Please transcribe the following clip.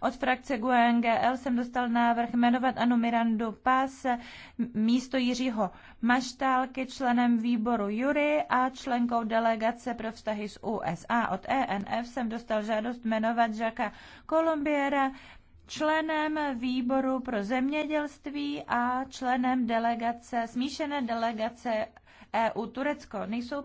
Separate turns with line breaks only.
Od frakce GUNGL e jsem dostal návrh jmenovat Anu Mirandu Pas místo Jiřího Maštálky členem výboru Jury a členkou delegace pro vztahy s USA. Od ENF jsem dostal žádost jmenovat Žaka Kolumbiera členem výboru pro zemědělství a členem delegace, smíšené delegace EU Turecko. Nejsou